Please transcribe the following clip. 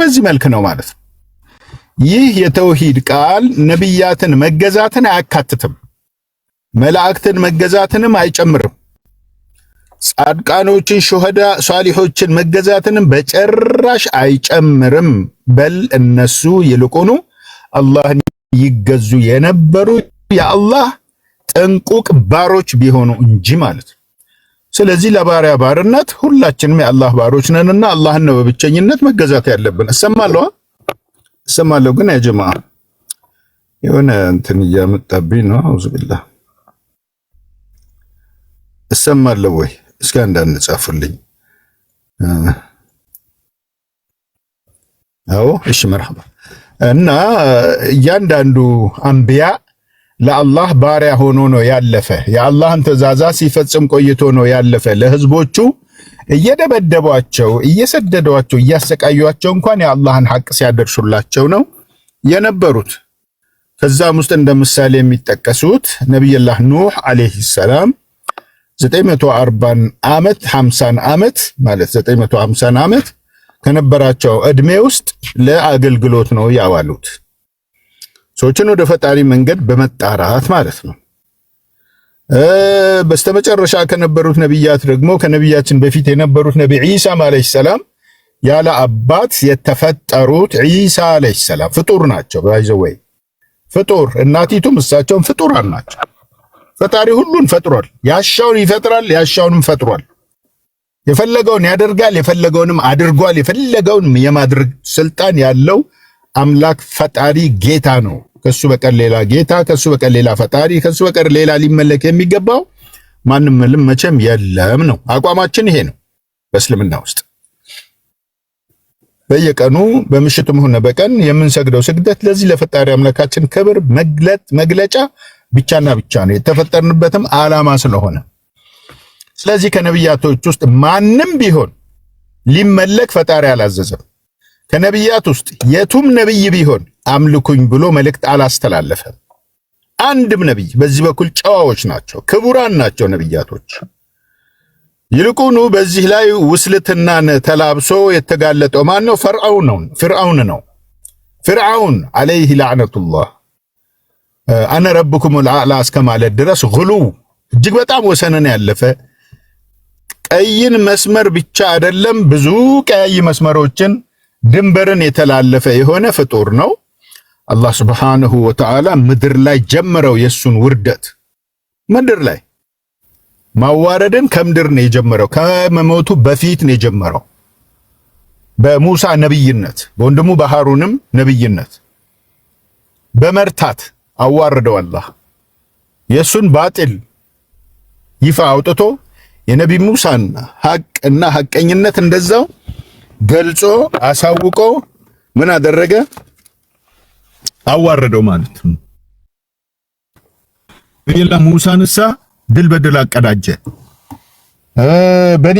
በዚህ መልክ ነው ማለት ነው። ይህ የተውሂድ ቃል ነቢያትን መገዛትን አያካትትም፣ መላእክትን መገዛትንም አይጨምርም፣ ጻድቃኖችን ሹሃዳ ሷሊሆችን መገዛትንም በጭራሽ አይጨምርም። በል እነሱ ይልቁኑ አላህን ይገዙ የነበሩ የአላህ ጥንቁቅ ባሮች ቢሆኑ እንጂ ማለት ነው። ስለዚህ ለባሪያ ባርነት ሁላችንም የአላህ ባሮች ነንና አላህን ነው በብቸኝነት መገዛት ያለብን። እሰማለሁ እሰማለሁ፣ ግን ያጀማ የሆነ እንትን እያመጣብኝ ነው። አውዝ ቢላ እሰማለሁ ወይ? እስኪ አንዳንድ ጻፉልኝ። አዎ እሺ፣ መርሐባ እና እያንዳንዱ አንቢያ ለአላህ ባሪያ ሆኖ ነው ያለፈ። የአላህን ትእዛዛት ሲፈጽም ቆይቶ ነው ያለፈ። ለህዝቦቹ እየደበደቧቸው፣ እየሰደዷቸው፣ እያሰቃዩቸው እንኳን የአላህን ሐቅ ሲያደርሱላቸው ነው የነበሩት። ከዛም ውስጥ እንደ ምሳሌ የሚጠቀሱት ነቢይላህ ኑህ አለይሂ ሰላም 940 ዓመት 50 ዓመት ማለት 950 ዓመት ከነበራቸው ዕድሜ ውስጥ ለአገልግሎት ነው ያዋሉት። ሰዎችን ወደ ፈጣሪ መንገድ በመጣራት ማለት ነው። በስተመጨረሻ ከነበሩት ነቢያት ደግሞ ከነቢያችን በፊት የነበሩት ነቢ ዒሳም ዓለይሂ ሰላም ያለ አባት የተፈጠሩት ዒሳ ዓለይሂ ሰላም ፍጡር ናቸው። ባይዘወይ ፍጡር እናቲቱም እሳቸውም ፍጡራን ናቸው። ፈጣሪ ሁሉን ፈጥሯል። ያሻውን ይፈጥራል፣ ያሻውንም ፈጥሯል። የፈለገውን ያደርጋል፣ የፈለገውንም አድርጓል። የፈለገውን የማድረግ ስልጣን ያለው አምላክ ፈጣሪ ጌታ ነው። ከሱ በቀር ሌላ ጌታ፣ ከሱ በቀር ሌላ ፈጣሪ፣ ከሱ በቀር ሌላ ሊመለክ የሚገባው ማንም ምልም መቼም የለም ነው አቋማችን። ይሄ ነው በእስልምና ውስጥ በየቀኑ በምሽትም ሆነ በቀን የምንሰግደው ስግደት ለዚህ ለፈጣሪ አምላካችን ክብር መግለጥ መግለጫ ብቻና ብቻ ነው፣ የተፈጠርንበትም ዓላማ ስለሆነ። ስለዚህ ከነብያቶች ውስጥ ማንም ቢሆን ሊመለክ ፈጣሪ አላዘዘም። ከነብያት ውስጥ የቱም ነብይ ቢሆን አምልኩኝ ብሎ መልእክት አላስተላለፈም። አንድም ነቢይ በዚህ በኩል ጨዋዎች ናቸው፣ ክቡራን ናቸው ነቢያቶች። ይልቁኑ በዚህ ላይ ውስልትናን ተላብሶ የተጋለጠው ማን ነው? ፈርዖን ነው። ፍርዖን ነው። ፍርዖን አለይህ ላዕነቱላህ አነ ረብኩም ልአዕላ እስከ ማለት ድረስ ጉሉው እጅግ በጣም ወሰንን ያለፈ ቀይን መስመር ብቻ አይደለም፣ ብዙ ቀያይ መስመሮችን ድንበርን የተላለፈ የሆነ ፍጡር ነው። አላህ ስብሓንሁ ወተዓላ ምድር ላይ ጀመረው የእሱን ውርደት ምድር ላይ ማዋረድን ከምድር ነው የጀመረው። ከመሞቱ በፊት ነው የጀመረው በሙሳ ነብይነት፣ በወንድሙ በሃሩንም ነብይነት በመርታት አዋርደው አላህ የእሱን ባጢል ይፋ አውጥቶ የነቢ ሙሳን ሐቅ እና ሐቀኝነት እንደዛው ገልጾ አሳውቆ ምን አደረገ? አዋረደው ማለት ነው። ሌላ ሙሳንሳ ድል በድል አቀዳጀ። በኔ